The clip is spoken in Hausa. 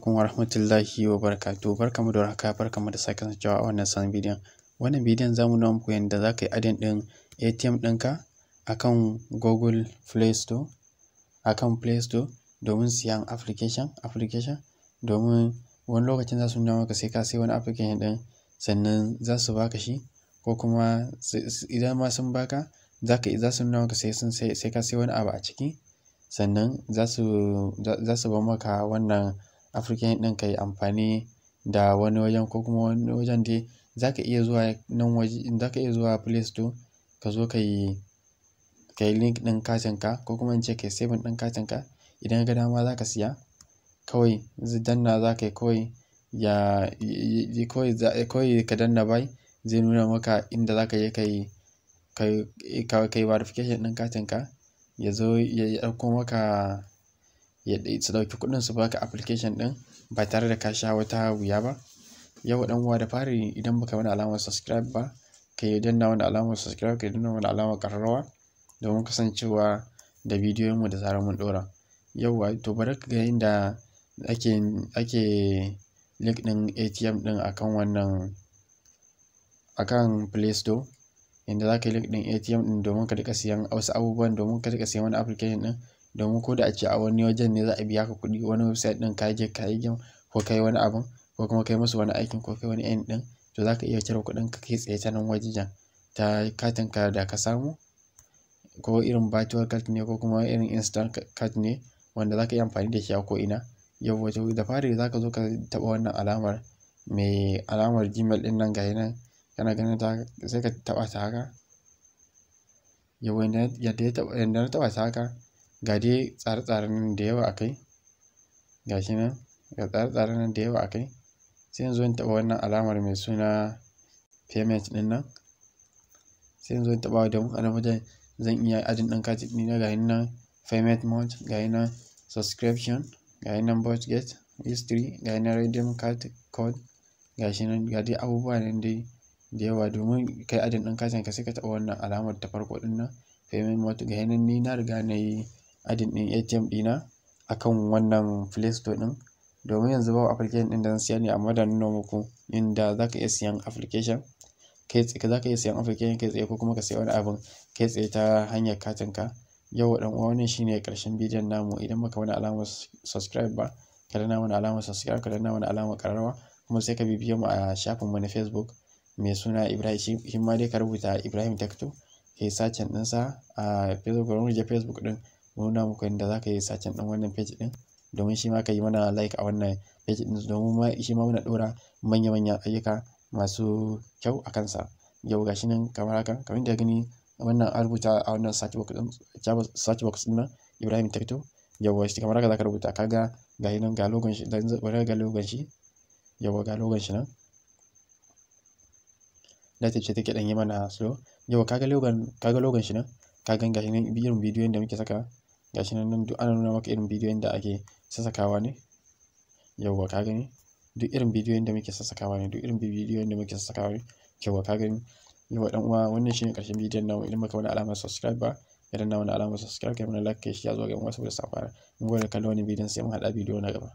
alaikum warahmatullahi wabarakatuh barkamu da warhaka barkamu da sake kasancewa a wannan sabon bidiyon wannan bidiyon zamu nuna muku yadda za ka yi adin ɗin ATM ɗinka akan Google Play Store akan Play Store domin siyan application application domin wani lokacin za su nuna maka sai ka sai wani application ɗin sannan za su baka shi ko kuma idan ma sun baka ka za su nuna maka sai sun sai ka sai wani abu a ciki sannan za su za su bar maka wannan African ɗin ka yi amfani da wani wajen ko kuma wani wajen dai za ka iya zuwa nan waje za ka iya zuwa Play Store ka zo ka yi ka yi link ɗin katin ka ko kuma in ce ka yi saving ɗin katin ka idan ka dama za ka siya kawai danna za ka yi kawai ya kawai ka danna buy zai nuna maka inda za ka je ka yi ka yi verification ɗin katin ka ya zo ya ɗauko maka su ɗauki kuɗin su baka application ɗin ba tare da ka sha wata wuya ba yau dan uwa da fari idan baka wani alamar subscribe ba ka yi danna wani alamar subscribe ka yi danna wani alamar ƙararrawa domin kasancewa da bidiyon mu da zarar mun ɗora wa to bari ka ga inda ake ake link ɗin ATM ɗin akan wannan akan Play Store inda za ka yi link ɗin ATM ɗin domin ka riƙa siyan wasu abubuwan domin ka riƙa siyan wani application ɗin domin ko da a ce a wani wajen ne za a biya ka kuɗi wani website ɗin ka je ka yi gem ko ka yi wani abun ko kuma ka yi musu wani aikin ko ka yi wani end ɗin to za ka iya cire kuɗin ka kai tsaye ta nan wajen ta katin ka da ka samu ko irin batuwar card ne ko kuma irin instant card ne wanda za ka yi amfani da shi a ko'ina yau wato da fari za ka zo ka taɓa wannan alamar mai alamar gmail ɗin nan ga nan kana ganin ta sai ka taɓa ta haka yau yadda na taɓa ta haka ga dai tsare-tsaren nan da yawa a kai ga shi nan ga tsare-tsaren nan da yawa a kai sai in zo in taɓa wannan alamar mai suna payment ɗin nan sai in zo in taɓa da wani wajen zan iya ajin ɗan kati na gayi nan payment mode gayi nan subscription gayi nan budget history gayi nan redeem card code ga shi nan ga dai abubuwa nan dai da yawa domin kai ajin ɗin katin ka sai ka taɓa wannan alamar ta farko ɗin nan payment mode gayi nan ni na riga na yi adin ɗin ATM ɗina kan wannan Play Store ɗin domin yanzu babu application ɗin da zan siya ne amma da nuna muku inda za ka iya siyan application kai tsaye za ka iya siyan application kai tsaye ko kuma ka siya wani abin kai tsaye ta hanyar katin ka yau ɗan uwa wannan shine ƙarshen bidiyon namu idan baka wani alamar subscribe ba ka danna wani alamar subscribe ka danna wani alamar ƙararrawa kuma sai ka bibiye mu a mu na Facebook mai suna Ibrahim shi ma dai ka rubuta Ibrahim Tekto kai sacin ɗinsa a Facebook wurin Facebook ɗin nuna muku yadda za ka yi sacin ɗan wannan page ɗin domin shi ma ka yi mana like a wannan page ɗin domin shi ma muna ɗora manya-manyan ayyuka masu kyau a kansa yau shi nan kamar haka kamar da gani wannan an rubuta a wannan search box ɗin nan Ibrahim Tarto yawwa shi kamar haka za ka rubuta ka ga shi nan ga logon shi bari ga logon shi yawwa ga logon shi nan latif ce take ɗan yi mana slow yawwa ka ga logon shi nan ka ganga irin bidiyon da muke saka gashi nan nan duk ana nuna maka irin bidiyon da ake sassakawa ne yawwa ka gani duk irin bidiyon da muke sassakawa ne duk irin bidiyon da muke sassakawa ne yawwa ka gani yawwa dan uwa wannan shine karshen bidiyon namu idan baka wani alamar subscribe ba idan na wani alamar subscribe kai mana like kai shi ya zo ga wasu da safara mun gode kallon wannan bidiyon sai mun hada bidiyo na gaba